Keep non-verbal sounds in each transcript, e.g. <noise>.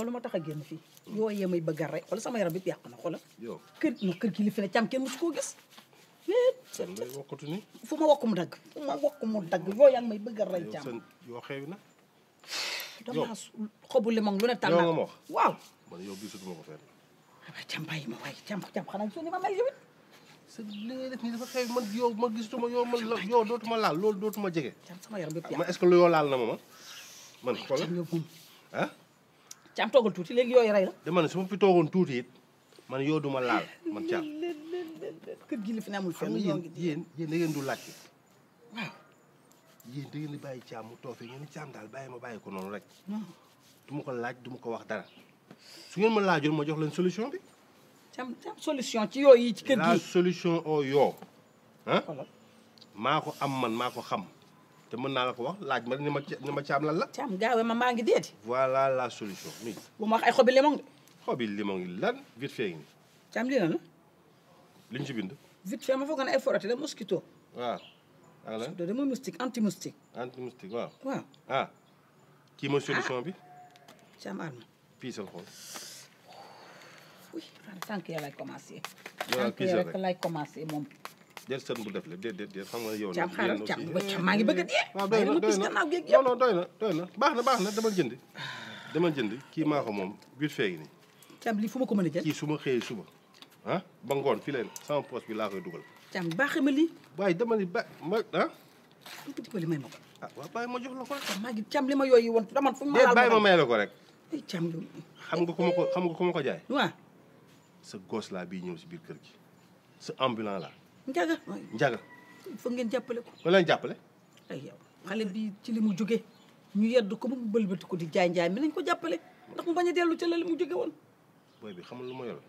nga lu ma tax a génn fii yooyee may bëgg wala sama yaram bi yàq na xoolal kër ma kër gi li fi ne koo gis ni fu ma wokk dagg fu dagg yooyaa may bëgg a rey càmm yoo xewi xobu limon lu ne tànn naa ko waaw man yow gisatuma ko yo waaye càmm bàyyi ma waaye càmm càmm ma sa li ngay def nii dafa xew man ma gisatuma yow dootuma laal loolu dootuma jege càmm sama yaram bi yàq ma est laal na ma ma man xoolal ah am toogal tuuti léegi yooyu rey la. dama ne su ma fi toogoon tuuti it man yoo duma laal man caam. kër gi la fi ne amul fenn yéen yéen yéen da ngeen du laajte. waaw. yéen da ngeen di bàyyi caam mu toofe ngeen caam daal bàyyi ma bàyyi ko noonu rek. du ma ko laaj du ko wax dara su ngeen ma laajoon ma jox leen solution bi. caam solution ci yooyu yi solution au maa ko am man maa ko xam. te mën naa la ko wax laaj ma ni ma ni ma caam lan la. ma maa ngi déedéet. voilà la solution. nii bu ma wax ay xobi limon. xobi limon yi lan vite fait nii. caam lii lan la. ci bind. vite fait ma foog ne ay forate la mosquito. waaw. ala su dee mooy moustique anti moustique. anti moustique waaw. waaw ah. kii mooy solution bi. Ah. caam arme. piisal xool. oui en tant que yàlla lay commencé. waaw piisal del sën bu def la déedéet déet xam nga yow. nag yéen aussi càmm xaaral maa ngi bëgg a dee. waaw doy na doy na non non doy na doy na baax na baax na dama jënd. dama jënd kii maa ko moom biir feegi nii. càmm lii fu ma ko mën a jël. kii su ma xëyee suba ah ba ngoon fi leen sama poche bi laa koy dugal. càmm baaxee ma lii. waaye dama ni ba ma ah. am petit peu li may ma ko. ah waaw bàyyi ma jox la ko rek. waaw maa ngi càmm li ma yooyu woon dama fu ma laal bàyyi ma may la ko rek. ay càmm xam nga ku ma ko xam nga ku ma ko jaay. waaw. sa gos laa bii ñëw si biir kër gi sa ambulant la Njaga Njaga. foog ngeen jàppale ko. wala jàppale. ay yow xale bi ci li mu jóge ñu yedd ko mu bëlbati ko di jaay njaay mi ko jàppale ndax mu bañ a dellu ca la mu jóge woon. booy bi xamul lu ma yor.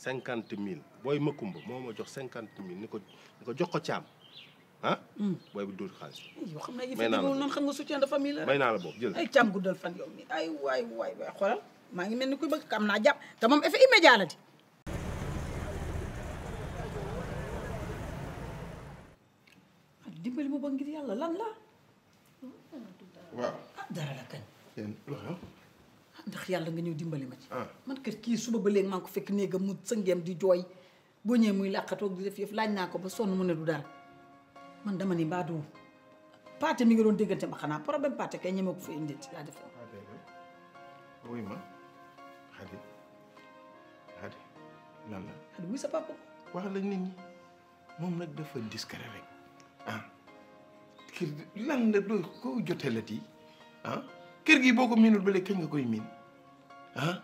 cinquante booy booy Makumba moo ma jox cinquante mille ni ko ni ko jox ko caam ah. booy bi dóor xaalis. yoo xam ne yëf yi noonu xam nga soutien de famille la. may naa la boobu jël ay caam guddal fan yow ay xoolal maa ngi mel ni kuy bëgg am naa jàpp te moom effet immédiat la dimbali yàlla lan la. waaw ah, dara la kañ. Ah, ndax yàlla nga ñëw dimbali ma ci. Ah. man kat kii suba ba léegi maa ko fekk néegam mu sëngeem di jooy boo ñëwee muy làqatoo di def yëf laaj naa ko ba sonn mu ne du dara man dama ni mbaa du paate mi nga roon déggante ma xanaa problème paate kay ñeme ko fa indi laa def. wuy wax la nit ñi moom nag dafa discret rek kër lan la doo ah? kër gi boo ko miinul ba nga koy miin ah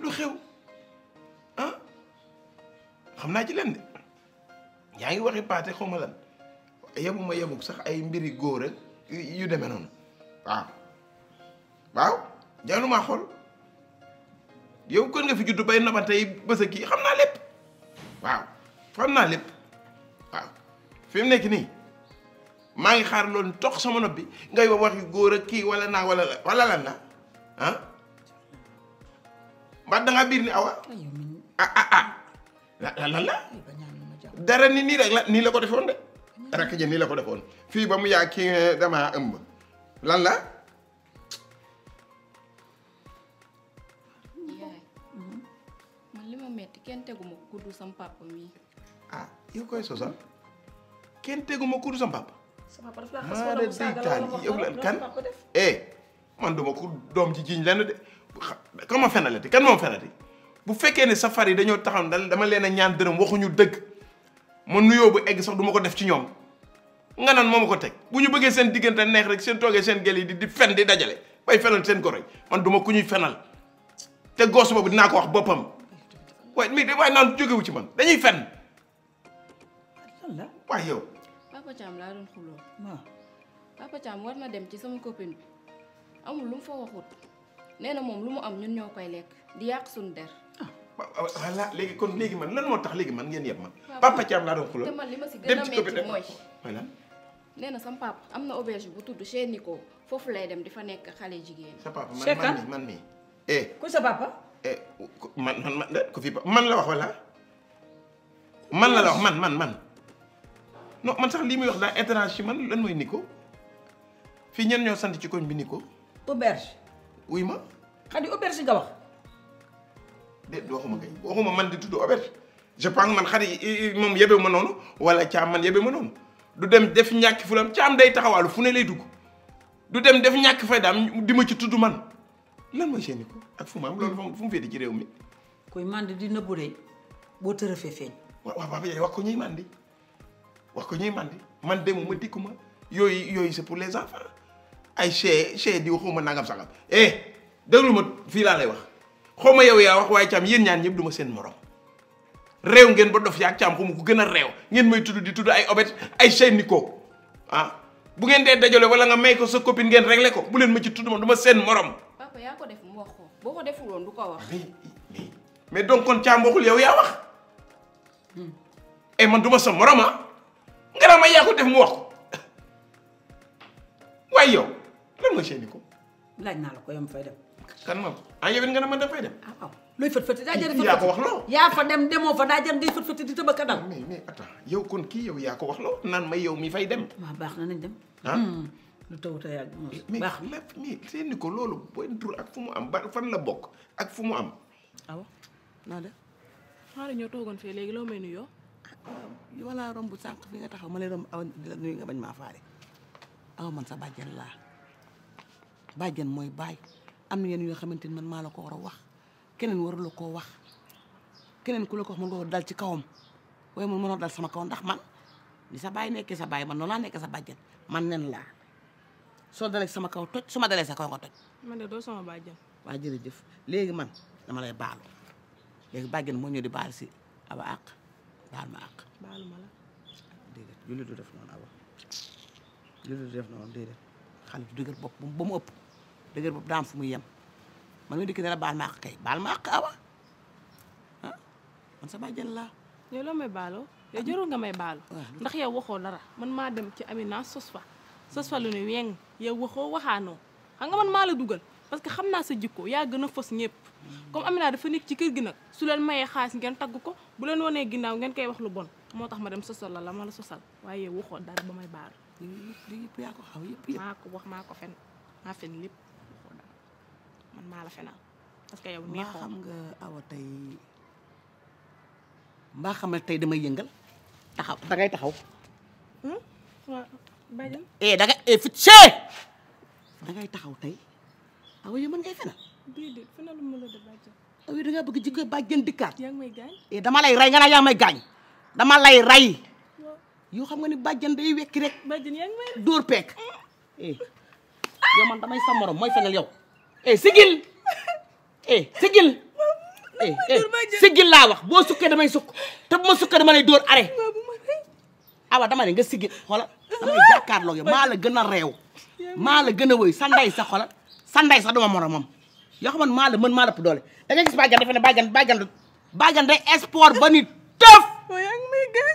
lu xew ah xam naa ci leen yaa ngi waxi paate xaw ma lan yebuma sax ay mbiri góor ak yu demee noonu waaw waaw jaanu maa xool yow kon nga fi juddu bay naba tey bës a kii xam naa lépp waaw xam naa lépp waaw fi mu maa ngi xaar loolu tox sama nopp bi ngay wax wax yu góor ak kii wala naa wala la wala la ah mbaa dangaa biir ni awa ah ah ah dara ni nii rek la nii la ko defoon de rakk ja nii la ko defoon fii ba mu yaa kii eh, damaa ëmb lan la man li ma kenn teguma kudd sama papa mii ah, koy sosal kenn teguma kudd sama papa sama papa daf laa xas wala kan eh man duma ko doom ci jiiñ lenn de kan ma fenalati kan moom fenalati bu fekkee ne safar yi dañoo taxaw dama leen a ñaan dërëm waxuñu dëgg ma nuyoo bu egg sax du ko def ci ñoom nga naan moom ma ko teg bu ñu bëggee seen diggante neex rek seen toogee seen gel yi di di fen di dajale bay fenal seen goroy man duma ku ñuy fenal te goos boobu dinaa ko wax boppam waaye mi waaye naan jógewu ci man dañuy fen waaye yow papa Thiam laa doon xuloo war na dem ci sama copine bi amul lu mu fa waxut nee na moom lu mu am ñun ñoo koy lekk di yàq suñu der. ah léegi comme léegi man lan moo tax léegi man ngeen yeb man. papa Thiam laa doon xuloo te man li a mooy voilà. nee na sama papa am na auberge bu tudd chez Nico foofu lay dem di fa nekk xale jigéen. sa papa man man man mii eh. ku sa papa. man fi man la wax wala man la la wax man man man. non man sax lii muy wax daa étrange ci man lan mooy Nico fii ñenn ñoo sant ci koñ bi Nico. auberge. wuy ma. xadi auberge nga de déet waxuma kay waxuma man di tudd auberge je pense man xadi moom yebewu ma noonu wala caam man yebewu ma noonu du dem def ñàkk fulam caam day taxawaalu fu ne lay dugg du dem def ñàkk fay daal di ma ci tudd man lan mooy seen Nico ak fu ma am loolu fu mu féete ci réew mi. koy màndi di nëbbu de boo tërëfee feeñ. waaw waaw wax ko ñuy màndi. wax ko ñuy mandi man demuma dikkuma yooyu yooyu c'est pour les enfants ay chee chee di waxuma nangam sangam eh déglu ma fii laa lay wax xaw ma yow yaa wax waaye caam yéen ñaan ñëpp duma seen morom réew ngeen ba dof yaag caam xuma ko gën a réew ngeen may tudd di tudd ay obet ay chee ni ah, bu ngeen dajale wala nga may ko sa copine ngeen ko bu leen ma ci tudd ma seen morom. papa ko def mu wax ko boo ko deful ko wax. mais donc kon caam waxul yow yaa wax hmm. eh man duma sa morom ah. Adama yaa ko def mu wax ko waaye yow lan mooy seeni ko. laaj naa la ko yam fay dem. kan ma ah yow it nga ne man da fay dem. ah waaw looy fëtfëti daa jar yaa ko wax loo. yaa fa dem demoo fa daa jar di fëtfëti di tëbaka dal. Ah, mais mais attends yow kon kii yow yaa ko wax loo naan ma yow mi fay dem. waaw baax na nañ dem. ah hmm. lu taw te yàgg baax na mais seeni ko loolu booy tur ak fu mu am ba fan la bokk ak fu mu am. awa naa de xaaral ñoo toogoon fii léegi loo may nuyoo. waaw wala romb sànq fi nga taxaw ma lay romb awa di la nuyu nga man sa bàjjen laa bàjjen mooy baay am na yenn yoo xamante ni man maa la ko war a wax keneen waru la koo wax keneen ku la ko wax mën dal ci kawam waaye man mënoo dal sama kaw ndax man li sa baay nekkee sa baay man noonu laa nekkee sa bàjjen man nen laa soo dalee sama kaw toj su ma dalee sa kaw nga toj. man de doo sama bàjjen. waa jërëjëf léegi man dama lay lo léegi bàjjen moo ñëw di baal si awa àq. baal ma àq. baalu ma la. déedéet jullit du def noonu awa jullit du def noonu déedéet xale du dëgër ba mu ëpp dëgër bopp daam fu man nga dikk ne la baal ma baal ma awa ah, man sa bàjjen laa. yow loo may baaloo yow jarul nga may baalu. Ah, yow waxoo dara man maa dem ci Amina sos fa sos fa lu ne weng yow waxoo waxaanoo xam nga man maa la dugal. parce que xam naa sa jikko yaa gën a fës ñëpp comme Amina dafa nekk ci kër gi nag su leen mayee xaalis ngeen tagg ko bu leen wanee ginaaw ngeen koy wax lu bon moo tax ma dem sosal la la ma la sosal waaye waxoo dara ba may baar yëpp yaa ko xaw yëpp yëpp maa ko wax maa ko fen maa fen lépp waxoo dara man maa la fenal parce que yow neexoo xam nga awa tey mbaa xamal tey damay yëngal taxaw dangay taxaw waaw bàyyi eh danga eh fii da ngay taxaw tey awa yow mën ngay fena déedéet fena lu ma la bëgg jikko bàjjen dikkaat yaa ngi eh, dama lay rey nga naa yaa ngi may gaañ dama lay rey yoo xam nga ni bàjjen day wekki rek bàjjen yaa ngi may dóor peek eh yow man damay sa morom mooy fenal yow eh sigil eh sigil eh eh sigil laa wax boo sukkee damay sukk te bu ma dama lay dóor are awa dama ne nga sigil xoolal damay jàkkaarloo yow maa la gën a réew la gën a wëy sa ndey sa xoolal sanday sax duma moromam yoo xam ne maa la mën maa la ëpp doole da nga gis bàyyi gan dafa ne bàyyi gan ba ni tëf. yaa ngi may gën.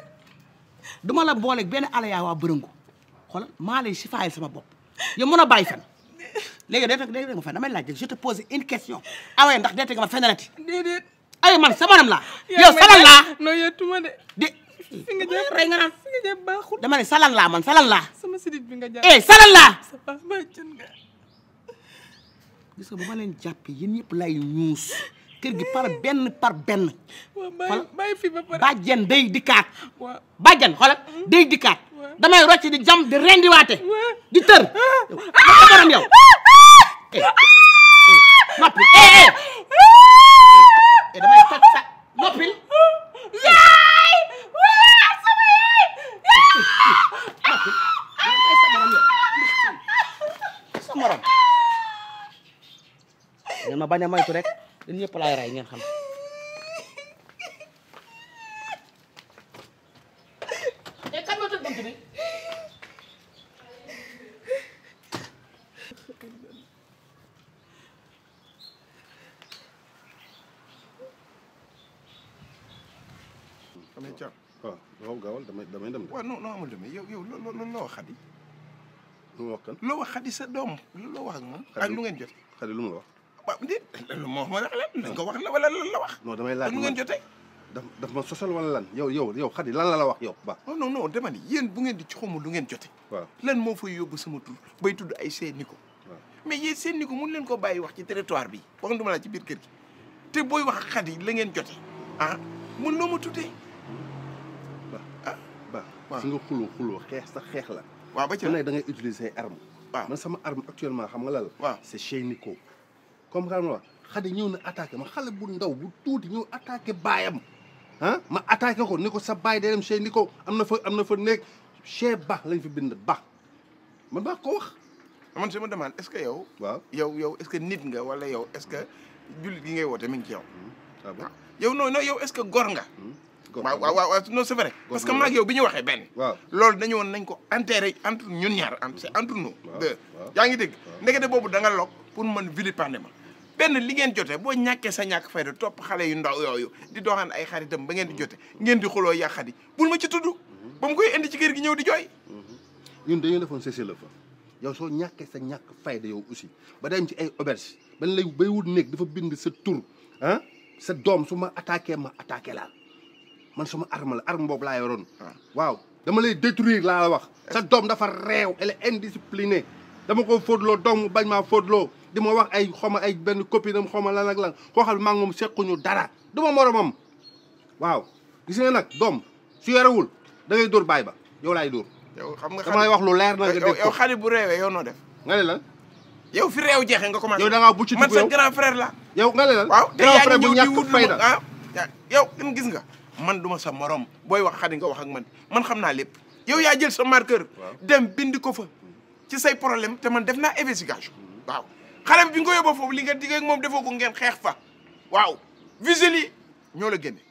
duma la booleeg benn alaya waa bërëngu xoolal maa lay sifaayal sama bopp yow mën a bàyyi fen léegi day teg day teg ma fen damay laaj je te pose une ah ndax day teg ma fenalati. déedéet. ay man sama nam laa. yow salan laa non yow tuma de. de fi nga jëm dama ne salan laa man salan sama sidit nga jàpp eh salan laa. gis nga bu ma leen jàppee yéen ñëpp lay ñuus kër gi par benn par benn. waaw bàyyi fi ba pare bàjjen day dikkaat. waaw bàjjen xoolal hmm? day dikkaat. di jam di rendiwaate. di tër ah. ah, eh, eh, eh, noppil. bañ a maytu rek dañ ñëpp laay ngeen xam eh, amee caab waaw waaw yow yow loo loo wax xadi. lu sa doom loo wax ak lu ngeen jot xadi lu mu la wax. waaw moo ma wax lan dañ ko wax la wala lan la wax. non damay laaj mu ngeen jotee. daf daf ma sosal wala lan yow yow yow Khady lan la la wax yow ba. non non non yéen bu ngeen di xamu lu ngeen jotee. waaw lan moo fay yóbbu sama tur bay tudd ay seen niko. mais yéen seen niko mun leen koo bàyyi wax ci territoire bi wax duma laa ci biir ker gi te booy wax Khady la ngeen jotee ah mun noo ma tuddee. ah ba waaw su nga xuloo xuloo xeex sa xeex la. waaw ba ci la da ngay utiliser mu waaw man sama arme actuellement xam nga lan la. waaw c'est ko comme xam nga xadi ñëw na attaqué ma xale bu ndaw bu tuuti ñëw attaqué baayam ah ma attaqué ko ni ko sa baay day dem Cheikh ni ko am na fa am na fa nekk Cheikh Ba lañ fi bind Ba man baa ko wax. man su ma demande est-ce que yow. waaw yow yow est-ce que nit nga wala yow est-ce que jullit gi ngay woote mi ngi ci yow. waaw hmm, ah, yow non non yow est-ce que góor nga. Hmm, góor nga waaw waaw waaw non c'est vrai. parce que maag yow bi ñu waxee benn. waaw loolu dañu woon nañ ko enterré entre ñun ñaar entre c'est entre nous. waaw waaw deux yaa ngi dégg. waaw ndekete boobu da nga lok pour man vilipender ma. benn li ngeen jote boo ñàkkee sa ñàkk fayda topp xale yu ndaw yooyu di doxaan ay xaritam ba ngeen di jote ngeen di xuloo yàqati bul ma ci tudd ba mu koy indi ci kër gi ñëw di jooy ñun dañoo defoon cessez le feu yow soo ñàkkee sa ñàkk fayda yow aussi ba dem ci ay auberge ban lay bay wut néeg dafa bind sa tur ah sa doom su ma attaqué ma attaqué laa man suma arme la arme boobu laa yoroon ah. waaw dama lay détruire laa la wax sa doom dafa réew elle est indisciplinée dama ko fóotloo doom mu bañ maa fóotloo di ma wax ay xoma ay benn copine nam xoma lan ak lan koo xam ne maa ngi moom sequñu dara du ma moromam waaw gis nga nag doom su yorewul da ngay dóor baay ba yow laay dóor yow xam nga damay wax lu leer na nga yow bu réewee yow noo def nga ne lan yow fi réew jeexee nga commencé yow da ngaa bucc man sa grand la yow nga lan waaw grand frère bu ñàkk fayda ah yow im gis nga man duma sa morom booy wax xadi nga wax ak man man xam naa lépp yow yaa jël sa marqueur dem bind ko fa ci say problème te man def naa investigation mm-hmm. waaw xale bi bi nga ko yóbboo foofu li nga diggee ak moom defoo ko ngeen xeex fa waaw vigile yi ñoo la génne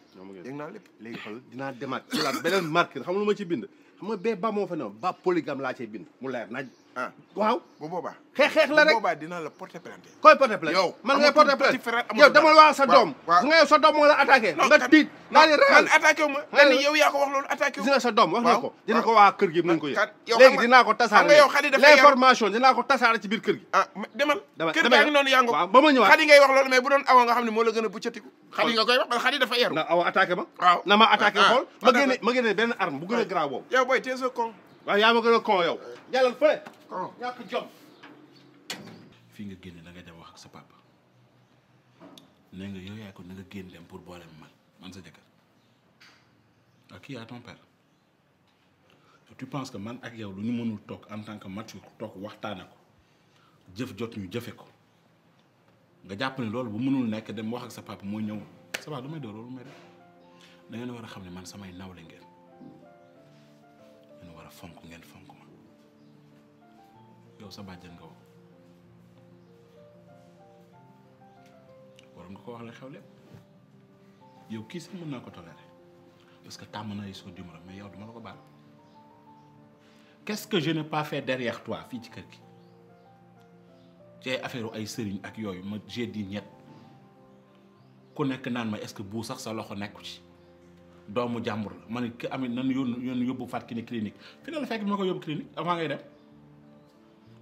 dégg naa lépp léegi xool dinaa demaat jëlaat beneen marqueur xam lu ma ci bind xam nga bee ba moo fa ne ba polygame laa cay bind mu leer na ah waaw boobaa. xeex xeex la rek bu boobaa dina la porter plainte. koy porter plainte yow man ngay porter plainte yow dama nga yow naa man ko wax loolu attaqué na ko dina ko waa kër gi nga xam ne moo la a ma na ma attaqué ah, ah, ma génne ma génne benn a ah. grave boobu yow boy tee sa waaw yaa ma gën a con yow. jàllal fële. fii nga génn da nga dem wax ak sa papa nee nga yow yaay ko na génn dem pour boolem man man sa jëkkër ak kii yaa ton père tu penses que man ak yow lu ñu mënul toog en tant que mature toog waxtaane ko jëf jot ñu jëfe ko nga jàpp ne loolu bu mënul nekk dem wax ak sa papa mooy ñëw ça va lu may doo loolu may def da war a xam ne man samay nawle ngeen. a fonk ngeen fonk ma yow sa bàjjan nga woo waroon nga ko wax la xew lépp yow kii sax mën naa ko toléré parce que tàmm na ay soo dimara mais yow duma la ko baal que je n'ai pas fait derrière toi fii ci kër gi ci ay ay sëriñ ak yooyu ma j'ai dit ñett ku nekk naan ma est-ce que bu sax sa loxo nekku ci doomu jàmbur la ma ne ki amit nan yoon yoon yóbbu Fatou Kiné clinique fi fekk bi ma koy yóbbu clinique avant ngay dem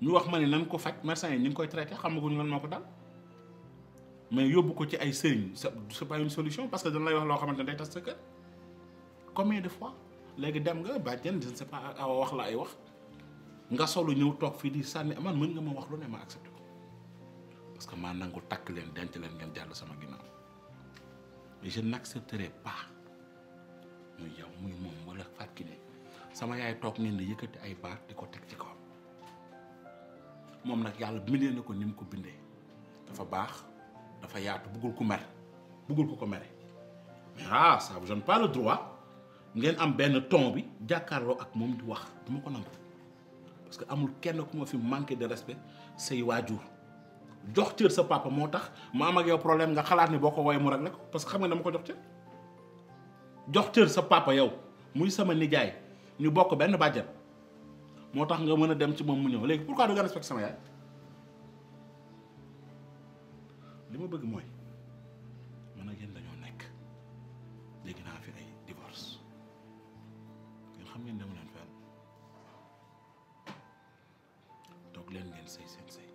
ñu wax ma ne nan ko faj médecin yi ñu ngi koy traité xamaguñu lan moo ko dal mais yóbbu ko ci ay sëriñ c'est pas une solution parce que dañ lay wax loo xamante ne day tas sa kër de fois léegi dem nga bàjjen je ne sais pas wax la ay wax nga solu ñëw toog fii di sànni aman mën nga ma wax lu ne ma accepté ko parce que maa nangu takk leen denc leen ngeen jàll sama ginnaaw mais je n'accepterai pas muy mu muy moom wala Fatou Kiné sama yaay toog nii na yëkkati ay baat di ko teg ci kawam moom nag yàlla bindee na ko ni mu ko bindee dafa baax dafa yaatu bëggul ku mer bëggul ku ko mere mais ah ça vous donne pas le droit ngeen am benn ton bi jàkkaarloo ak moom di wax duma ko nangu parce que amul kenn ku ma fi manqué de respect say waajur jox cër sa papa moo tax ma am ak yow problème nga xalaat ni boo ko woowee mu réglé ko parce que xam nga dama ko jox jox cër sa papa yow muy sama nijaay ñu bokk benn bàjjat moo tax nga mën a dem ci moom mu ñëw léegi pourquoi du nga respecté sama yaay li ma bëgg mooy man ak yéen dañoo nekk léegi naa fi ay divorce ngeen xam ngeen dama leen toog leen ngeen sëy seen sëy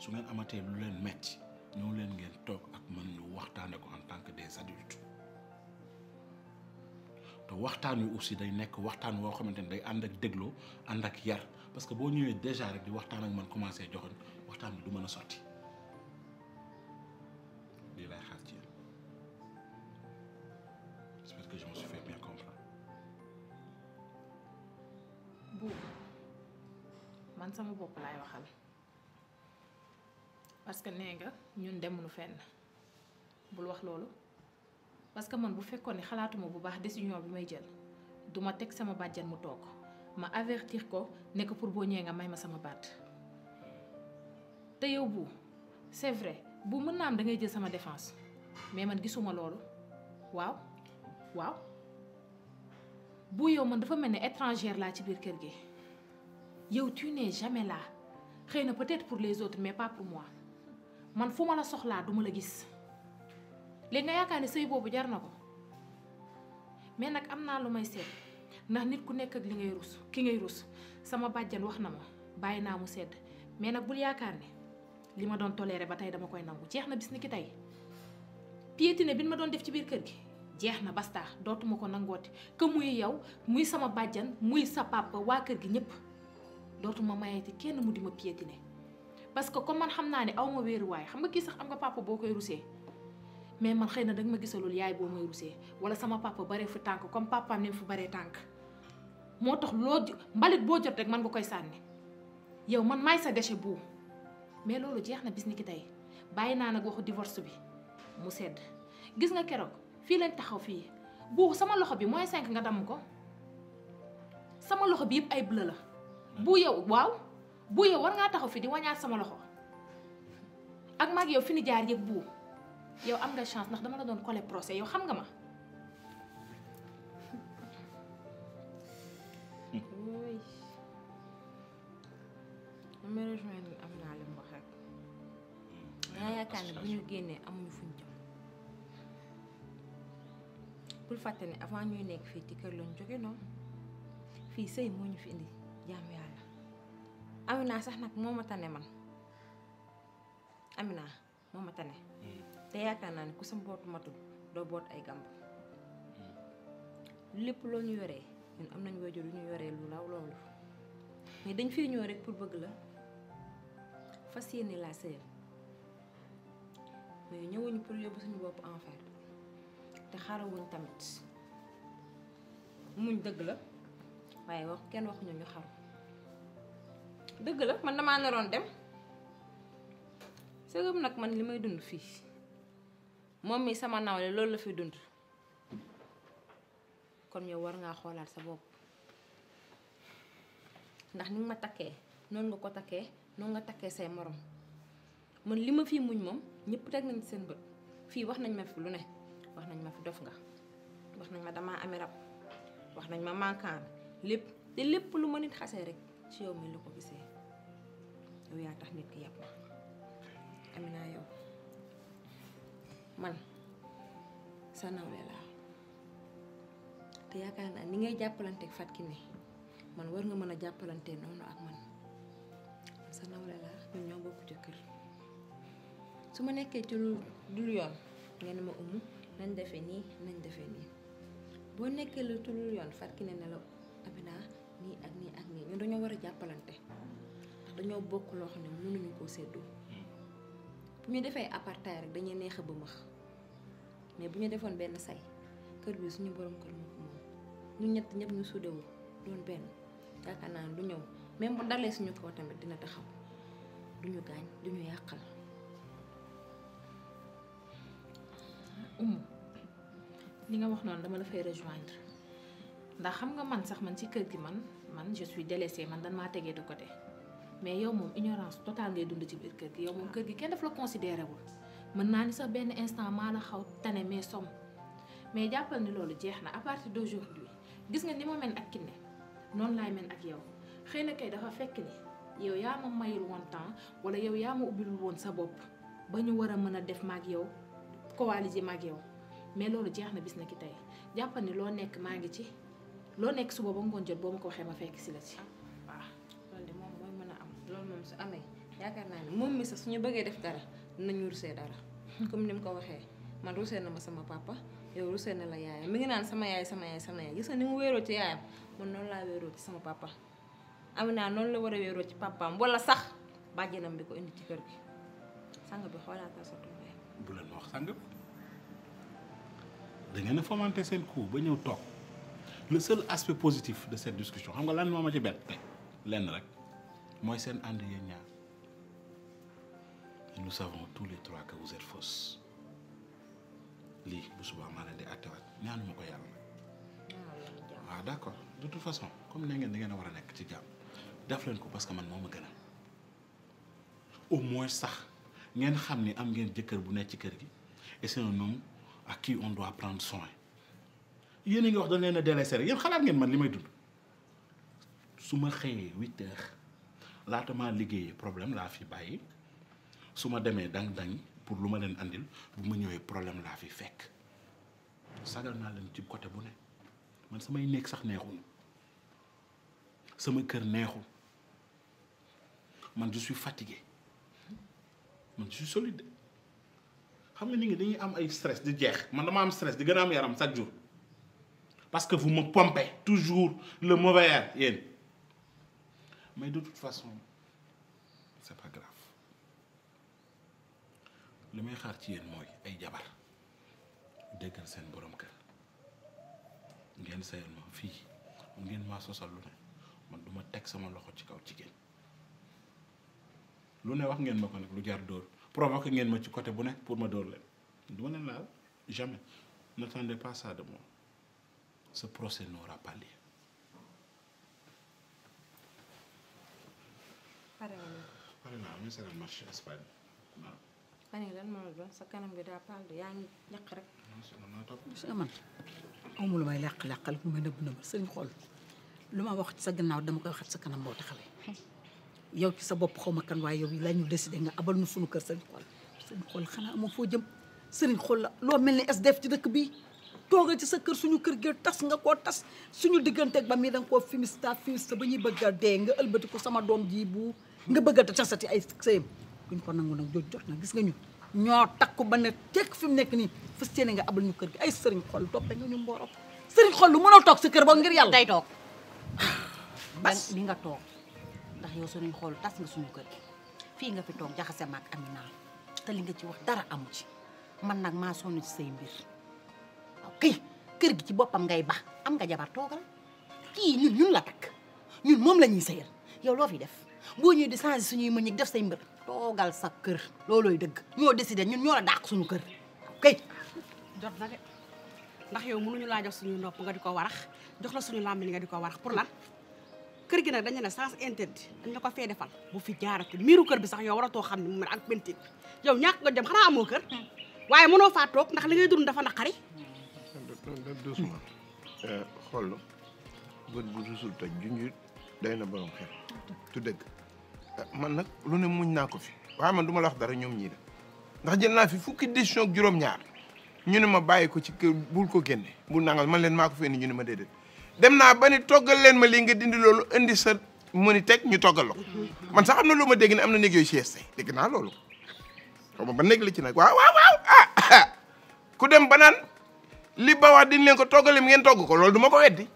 su ngeen amatee lu leen metti ñëw leen ngeen toog ak man ñu waxtaane ko te waxtaan wi aussi day nekk waxtaan woo xamante ni day ànd ak dégloo ànd ak yar parce que boo ñëwee déjà rek di waxtaan ak man commencé joxoon waxtaan bi du mën a sotti lii lay man sama bopp laay waxal parce que nee nga ñun demuñu fenn bul wax loolu. parce que man bu fekkoon ne xalaatuma bu baax décision bi may jël duma teg sama bàjjan mu toog ma avertir ko ne ko pour boo ñëwee nga may ma sama baat te yow bu c'est vrai bu mën naa am da ngay jël sama défense mais man gisuma loolu waaw waaw bu yow man dafa mel ne étrangère laa ci biir kër gi yow tu n'es jamais là xëy na peut-être pour les autres mais pas pour moi man fu ma la soxlaa duma la gis. léegi nga yaakaar ne sëy boobu jar na ko mais nag am naa lu may seet ndax nit ku nekk ak li ngay rus ki ngay rus sama bàjjan wax na ma bàyyi naa mu sedd mais nag bul yaakaar ne li ma doon tolleere ba tey dama koy nangu jeex na bis ni ki tey piétine bi nu ma doon def ci biir kër gi jeex na basta dootuma ko nangooti que muy yow muy sama bàjjan muy sa papa waa kër gi ñëpp dootuma mayeti kenn mu di ma piétine parce que comme man xam naa ne aw ma wéeruwaay xam nga kii sax am nga papa boo koy rusee mais man xëy na danga ma gisalul yaay boo may rusee wala sama papa baree fu tànk comme papaam ni mu fi tànk moo tax loo mbalit boo jot rek man nga koy sànni yow man may sa déchet bu mais loolu jeex na bis ni ki tey bàyyi naa nag waxu divorce bi mu sedd gis nga keroog fii lañ taxaw fii buuxu sama loxo bi mooy cinq nga damm ko sama loxo bi yëpp ay bleu la bu yow waaw bu yow war ngaa taxaw fii di wañaat sama loxo ak maag yow fi ni jaar yëpp buu yow am nga chance ndax dama la doon collé procès yow xam nga ma. oui. ma rejoindre am naa li mu hmm. bu ñu génnee amuñu fuñ jëm. bul fàtte ne avant ñuy nekk fii ci kër lañ jóge noonu fii sëy moo ñu fi indi jaamu yàlla. Amina sax nag moo ma tane man Amina moo ma tane. Hmm. te yaakaar naa ni ku sa mboot matul doo boot ay gàmb hmm. lépp loo ñu yoree ñun am nañ waajur yu ñu yoree lu law loolu mais dañ fee ñëw pour bëgg la fas yéene laa sëyal mais ñëwuñu pour yóbbu suñu bopp enfer te xarawuñ tamit muñ dëgg la waaye wax kenn waxuñu ñu xaru dëgg la man damaa naroon dem sëgëm nag man li may dund fii moom mii sama nawle loolu la fi dund kon yow war ngaa xoolaat sa bopp ndax ni ma takkee noonu nga ko takkee noon nga takkee say morom man li ma fi muñ moom ñëpp teg nañ seen bët fii wax nañ ma fi lu ne wax nañ ma fi dof nga wax nañ ma damaa ami rab wax nañ ma mankaan lépp te lépp lu ma nit xasee rek ci yow mi la ko gisee yow yaa tax nit ki yàpp ma ami naa yow man sa nawle laa te yaakaar naa ni ngay jàppalanteek Fatou Kiné man war nga mën a jàppalante noonu ak man sa nawle laa ñun ñoo bokk kër su ma nekkee ci lu dul yoon nga ne ma umu nañ defee nii nañ defee nii boo nekkee lu yoon Fatou Kiné ne la Amina nii ak nii ak nii dañoo war a jàppalante ndax dañoo bokk loo xam ne mënuñu koo séddoo. bu ñu defee apartheid rek dañuy neex a ba max mais bu ñu defoon benn say kër bi suñu borom kër moo ko moom ñu ñett ñëpp ñu suudewu doon benn yaakaar naa du ñëw même bu dalee suñu kaw tamit dina taxaw du ñu gaañ du ñu yàqal. Ah, umu li nga wax noonu dama la fay rejoindre ndax xam nga man sax man ci kër gi man man je suis délaissée man dan maa tegee de côté. mais yow moom ignorance total ngay dund ci biir kër gi yow moom kër gi kenn daf la considéré wul mën naa ni sa benn instant maa la xaw tane mais somm mais jàppal ni loolu jeex na à partir d'aujourd'hui gis nga ni ma mel ak Kiné noonu laay mel ak yow xëy na kay dafa fekk ni yow yaa ma mayul woon temps wala yow yaa ma ubbilul woon sa bopp ba ñu war a mën a def maag yow coaliser maag yow mais loolu jeex na bis na ki tey jàppal ni loo nekk maa ngi ci loo nekk suba ba ngoon jot boo ma ko waxee ma fekk si la ci su amee yaakaar naa ne moom mi sax suñu bëggee def dara nañu rusee dara comme ni mu ko waxee man rusee na ma sama papa yow rusee na la yaayam mi ngi naan sama yaay sama yaay sama yaay gis nga ni mu wéeroo ci yaayam man noonu laa wéeroo ci sama papa am naa noonu la war a wéeroo ci papaam wala sax bàjjenam bi ko indi ci kër gi sang bi xoolaatal sa tunde bu leen ma wax sang bi a fomenter seen coup ba ñëw toog le seul aspect positif de cette discussion xam nga lan moo ma ci bett tey mooy seen ànd yéen ñaar et nous savons les trois que lii bu subaa maa leen di àttewaat ñaanu ma ko yàlla nag ah, façon comme ne ngeen da ngeen a war a nekk ci jàmm def leen ko parce que man moo ma gënal au moins sax ngeen xam ni am ngeen jëkkër bu nekk ci kër gi et c'est un homme à qui on doit prendre soin yéen a ngi wax dañ leen a délaissé rek xalaat ngeen man li may dund su ma xëyee huit laata maa liggéeyee problème laa fi bàyyi su ma demee dang-dang pour lu ma leen andil bu ma ñëwee problème laa fi fekk sagal naa leen ci côté bu ne man samay néeg sax neexul sama kër neexu man je suis fatigué man je suis solide xam nga nit ngi dañuy am ay stress di jeex man dama am stress di gën a am yaram chaque jour parce que vous me pompez toujours le mauvais air yéen Mais de toute façon, c'est pas grave. Le meilleur quartier, c'est les jabar. Déggal seen boroom kër ngeen sayal ma fii ngeen ma sosal lu ne man du teg sama loxo ci kaw jigéen lu ne wax ngeen ma ko nag lu jaar dóor provoqué ngeen ma ci côté bu nekk pour ma dóor leen du ma leen laal jamais n'attendez pas ça de moi ce procès n'aura pas lieu pare na. pare naa ñu seen marché Espagne waaw. ma ne lan moo doon sa kanam gi daa paal yaa ngi ñaq rek. monsieur man aw ma lu may làq-làqal bu may nëbb nëbb sëriñ xool lu ma wax ci sa gannaaw dama koy waxat sa kanam boo taxawee. Hmm. yow ci sa bopp xaw ma kan waaye yow yi la ñu décidé nga abal nu sunu kër sëriñ xool sëriñ xool xanaa amoo foo jëm sëriñ xool la loo mel ni SDF ci dëkk bii. toog ci sa kër suñu kër gi tas nga koo tas suñu digganteeg ba mii da koo fimista fimista ba ñuy bëgg a dee nga albati ko sama doom ji bu nga bëgg a tasati ay sëyam duñ ko nangu nag jot jot na gis nga ñu ñoo takku ba ne tekk fi mu nekk nii fas yéene nga abal ñu kër gi ay sëriñ xol toog nga ñu mbooro sëriñ xol lu mënoo toog sa kër boo ngir yàlla day toog <sighs> bas li nga toog ndax yow sëriñ xol tas nga suñu kër gi fii nga fi toog jaxase maak Amina te li nga ci wax dara amu ci man nag maa sonn ci say mbir kii kër gi ci boppam ngay ba am nga jabar toogal kii ñun ñun la takk ñun moom la ñuy sëyal yow loo fi def boo ñëwee di changer suñuy mëñ def say mbir toogal sa kër loolooy dëgg ñoo décidé ñun ñoo la dàq suñu kër kay jot na de ndax yow mënuñu laa jox suñu nopp nga di ko warax jox la suñu làmmiñ nga di ko warax pour lan kër gi nag dañu ne sens interdit dañ la ko fee defal bu fi jaarati miiru kër bi sax yow waratoo xam ne mu mel ak bentin yow ñàkk nga dem xanaa amoo kër hmm. waaye mënoo faa toog ndax li ngay dund dafa naqari nag doucement <laughs> eh, xool bët bu dusul toj junjit day na borom tu dëgg eh, man nag lu ne muñ naa ko fi waaye man duma ma la wax dara ñoom ñii na ndax jël naa fi fukki décision ak juróom-ñaar ñu ne ma bàyyi ko ci kër bul ko génne bul nangal man leen maa ko fee ni ñu ma déedéet dem naa ba ni toggal leen ma lii nga dindi lool indi sa mëni teg ñu toggal la ko man sax am na lu ma dégg ne am na néeg yooyu ba néeg ci nag waaw waaw waaw ah, ah. ku li bawaat diñ leen ko toggalim ngeen togg ko loolu du ma ko weddi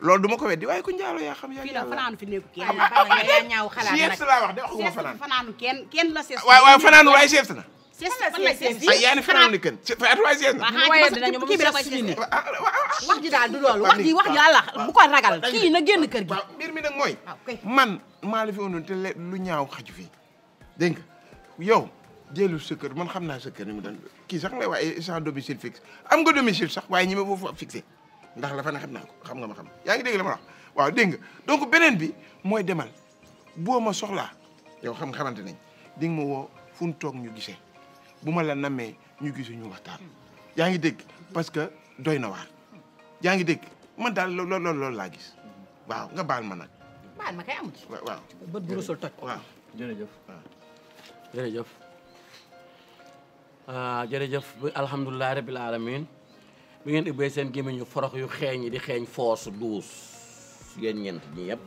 loolu du ma ko weddi waaye ku njaalo yaa xam yaa fii daal fanaanu fi nekku kenn yaa ñaaw xalaat sieste laa wax de waxuma fanaan fanaanu kenn kenn la sieste waaw waaw fanaanu waaye sieste na yaa ni fanaanu ni kenn fanaanu waaye sieste na wax ji daal du loolu wax ji wax ji lala bu ko ragal kii na génn kër gi mbir mi nag mooy man maa la fi ondoon te lu ñaaw xaju fii dégg nga yow dellu sa kër man xam naa sa kër ni mu daan kii sax lay waaye sans domicile fixe am nga domicile sax waaye ñi ma foofu fixé ndax la fa ne xam naa ko xam nga ma xam yaa ngi dégg la ma wax waaw dégg nga donc beneen bi mooy demal boo ma soxlaa yow xam xamante nañ di ma woo fu mu toog ñu gisee bu ma la namee ñu gisee ñu waxtaan yaa ngi dégg parce que doy na waar yaa ngi dégg man daal lool lool laa gis waaw nga baal ma nag baal ma kay amu ci waaw bët bu rusul toj waaw Ah, jërëjëf alhamdulilah rabil alamin bi ngeen ubbee seen gémmiñu forox yu xeeñ yi di xeeñ foosu duus yéen ñeent ñi yëpp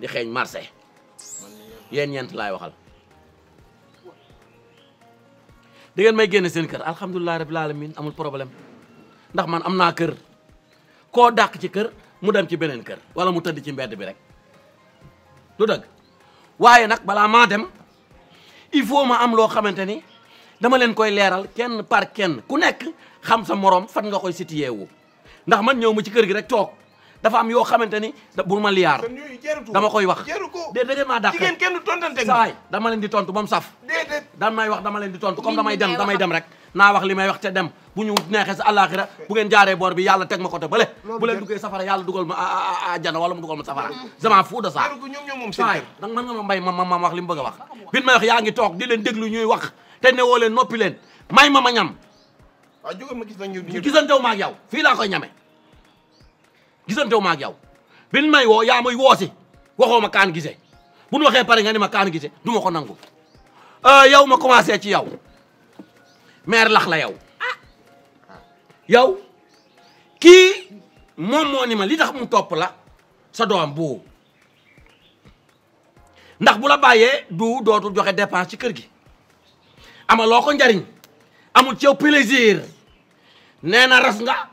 di xeeñ marché yéen ñeent laay waxal di ngeen may génne seen kër alhamdulilah rabil alamin amul problème ndax man am naa kër koo dàq ci kër mu dem ci beneen kër wala mu tëdd ci mbedd bi rek du dëgg waaye nag balaa maa dem il faut ma am loo xamante ni dama leen koy leeral kenn par kenn ku nekk xam sa moroom fan nga koy situé wu ndax man ñëw ma ci kër gi rek toog dafa am yoo xamante ni bu ma liyaar dama koy wax dée da ngeen maa dàq jigéen kenn du tontante saay dama leen di tontu ba mu saf déedéet dan may wax dama leen di tontu comme damay dem damay dem rek naa wax li may wax te dem bu ñu neexee sa àllaaxira bu ngeen jaaree boor bi yàlla teg ma ko te bële bu leen duggee safara yàlla dugal ma àjjana wala mu dugal ma safara jaman fou de ça saay danga mën nga ma mbay ma ma wax li mu bëgg a wax yaa ngi toog di leen déglu ñuy wax te ne woo leen noppi leen may ma ma ñam. ma gis nañ ñu gisantew ma ak yow fii laa koy ñame gisantew ma ak yow bin may woo yaa may woosi waxoo ma kaan gisee bu nu waxee pare nga ma kaan gisee du ma ko nangu. Euh, yow ma commencé ci yow maire lax la yow yow kii moom moo ni ma li mu topp la sa doom bu ndax bu la bàyyee du dootul joxe dépense ci kër gi. amaloo ko njariñ amul ci yow plaisir nee na ras nga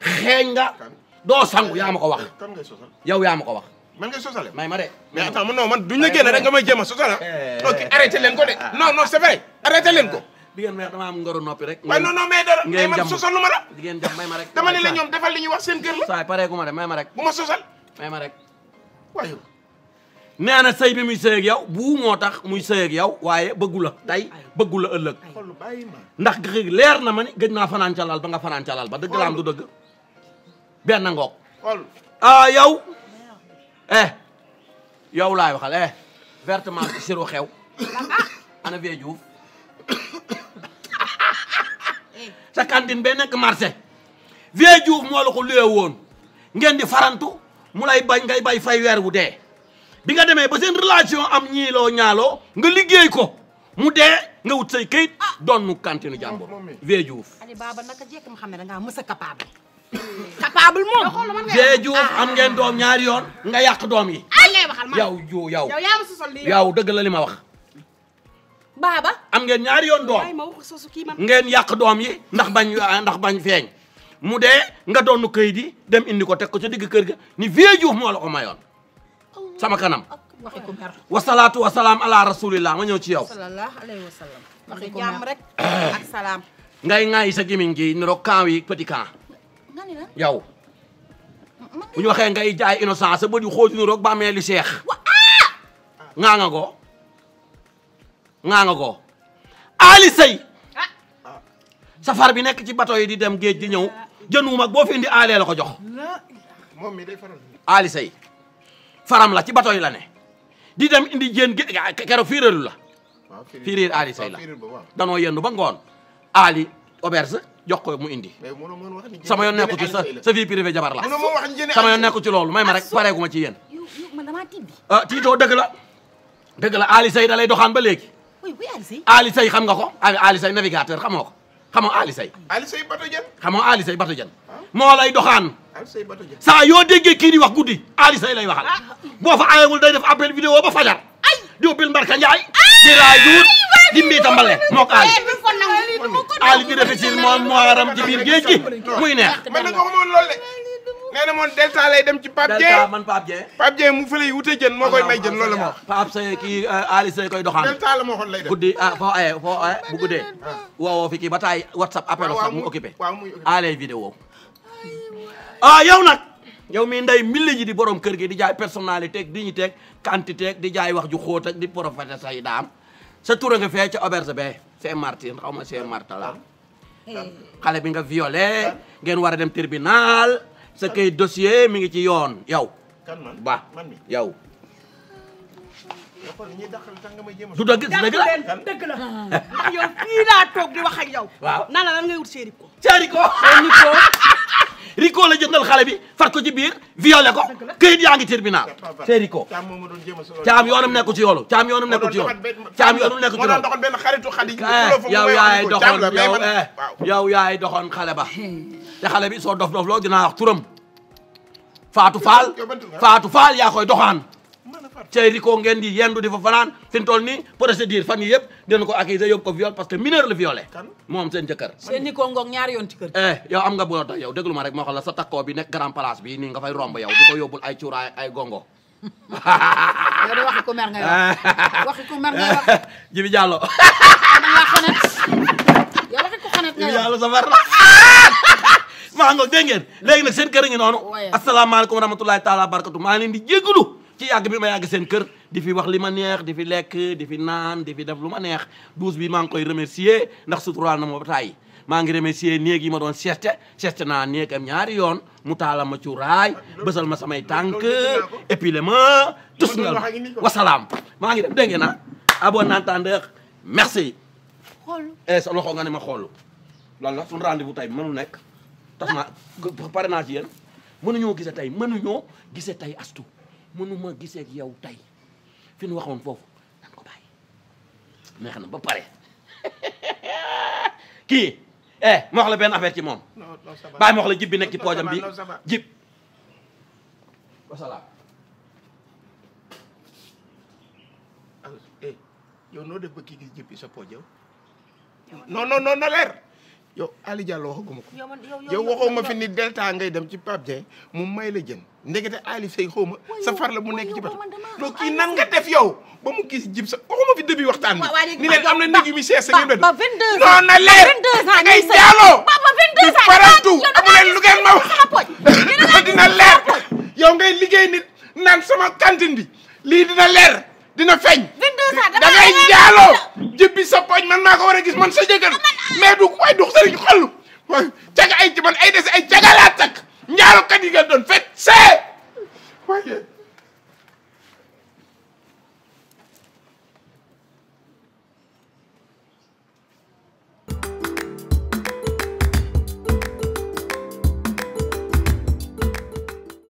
xeeñ nga doo sangu yaa ma ko wax. Eh, yow yaa ma ko wax. man ngay sosale may ma de. mais attends non man duñ la génne rek nga may jéem a sosala. Ah. Eh. ok arrêté leen ko de ah, ah, non non c'est vrai ko. Eh, di ngeen may dama am ngoro noppi rek. waaye non non mais dara mais man ma la. di ngeen jàmm may ma rek. dama ne la ñoom defal li ñuy wax seen kër la. saa yi pareegu ma de may ma nee na sëy bi muy sëy ak yow bu moo tax muy sëy ak yow waaye bëggu la tey bëggu la ëllëg ndax gëj leer na ma ni gëj naa fanaan ca ba nga fanaan ca ba dëgg la am du dëgg benn ngoog ah yow eh yow laay waxal eh vertement siru xew ana vie Diouf sa cantine ba nekk marché vie Diouf moo la ko luye woon ngeen di farantu mu lay bañ ngay bay fay wu dee bi nga demee ba seen relation am ñiiloo ñaaloo nga liggéey ko mu dee nga wut kayit ah. doon nu jàmbur Vieux Diouf Ali Baba naka jekk ma xam ne da ngaa mës a capable <laughs> capable moom Vieux Diouf am ngeen doom ñaari yoon nga yàq doom yi ah, yow yow yow yow dëgg la li ma wax baaba am ngeen ñaari yoon doom ngeen yàq doom yi ndax bañ ah, ndax bañ feeñ mu dee nga doonu kayit yi dem indi ko teg ko ca digg kër ga ni Vieux Diouf moo la mayoon sama kanam wasalaatu wasalaam ala rasulillah ma ñëw ci yow sallallahu alayhi wa sallam waxi jàmm rek <coughs> ak salaam ngay ŋaayi sa gémmiñ gi niroog camp yi petit camp yow bu ñu waxee ngay jaay innocent sa bët yu xóotu niroog bàmmee li seex ah! ŋaa nga nga ko Ali Sey ah! safar bi nekk ci bato yi di dem géej di ñëw jën wu mag boo fi indi aalee faram la ci bato yi la ne di dem indi jën keroog fiireelu la fiiriir Ali say la danoo yendu ba ngoon Ali auberge jox ko mu indi sama yoon nekku ci sa sa vie privée jabar la sama yoon nekku ci loolu may ma rek pareeguma ci yéen ah tiitoo dëgg la dëgg la Ali say da lay doxaan ba léegi Ali say xam nga ko Ali say navigateur xamoo ko xamoo Ali Seye. Ali Seye Bato Diagne. xamoo Ali Seye Bato Diagne. Ah. moo lay doxaan. saa yoo déggee kii di wax guddi Ali Seye lay waxal. Ah. boo fa aayewul day def appel vidéo ba fajar. ay di ubbil Mbarka Ndiaye. Ah. di laay duut di mbiita mbale moog Ali. Ali di eh, defi si moom moo aram ci biir géej gi muy neex. nee na moom dem ci Pape Dieng Delta man Pape Dieng. Pape Dieng mu fële yi wute jën moo may jën loolu la ma wax. Pape Seye kii eh, koy doxaan. guddi ah foo aye eh, foo aye eh, ah. taay WhatsApp appel ah, WhatsApp mu occupé. waaw muy occupé allez vidéo. ah yow nag. yow mii nday mille ji di borom kër gi di jaay personnalité dignité quantité di jaay wax ju xóot ak di profité say daam sa tur nga fee ca auberge be Martin xaw ma Saint Martin la xale bi ngeen war a dem tribunal. sa kay dossier mi ngi ci yoon yow. kan man ba yow. du dëgg dëgg la dëgg la ndax yow fii laa toog di yow. waaw naan la lan ngay wut see Rico. see Rico <laughs> bi far ko ci biir violé ko këyit yaa ngi tribunal. see Rico caam yoonam nekkul ci yoonu caam yoonam nekkul ci yoonu. caam yoonam nekkul ci yoonu eh, eh, yow yaay doxoon yow yow yaay doxoon xale ba te bi soo dof dof loo dinaa wax turam Fatou Fall Fatou Fall yaa koy doxaan. cayri ko ngeen di yendu di fa fanaan fi mu toll nii procédure fan yi yëpp dina ko accuser yóbbu ko viol parce que mineur la violé moom seen jëkkër seen Nico Ngong ñaari yoon ci kër eh yow am nga bu la tax yow déglu ma rek moo xam la sa takkoo bi nekk grand place bi nii nga fay romb yow di ko yóbbul ay cuuraay ay gongo <laughs> yow de waxi ku mer nga wax <laughs> waxi ku mer nga wax <laughs> Jibi Diallo da ngaa xanat yow waxi ku xanat nga Jibi Diallo safar la maa ngoog dégg ngeen léegi nag seen kër ngi noonu asalaamaaleykum wa rahmatulahi taala barakatu maa leen di jégalu ci yàgg bi ma yàgg seen kër di fi wax li ma neex di fi lekk di fi naan di fi def lu ma neex douze bi maa ngi koy remercier ndax suturaal na moo ba taay ma ngi remercier néeg yi ma doon seste seste naa néeg am ñaari yoon mu taala ma cuuraay bësal ma samay tànk épilé ma tusngal wasalaam maa ngi dem dégg ngeen na à bon entendeur merci xool eh sa loxo nga ne ma xool lan la suñu bu vous tey mënu nekk tax naa pare naa ci yéen mënuñoo gise tey mënuñoo gise tey astu mënuma gise yow tey fi nu waxoon foofu da ko bàyyi neex na ba <laughs> kii eh ma la benn affaire ci moom bàyyi ma wax la jib bi nekk ci poojam bi jib wasalaam eh, yow noo def pooj yow non non non leer yow Ali Diallo waxaguma ko. yow man ma fi ni delta ngay dem ci Pape Dieng mu may la jën ndekete Ali Seye xaw ma sa far la mu nekk ci bato. donc kii nan nga def yow ba mu gis jib sa waxuma fi début waxtaan bi. ni leen am na nit yu muy sees sa ngeen doon. ba ba <laughs> na leer ngay jaaloo. ba ba 22 yow ngay liggéey nit naan sama cantine bi lii dina leer dina feeñ. 22 ans ngay jaaloo jibbi sa poñ man naa ko war a gis man sa jëkkër. mais du way dux sëriñ xollu man caga ay ci ay des ay caga laa takk njaarokat yi nga doon fet see waaye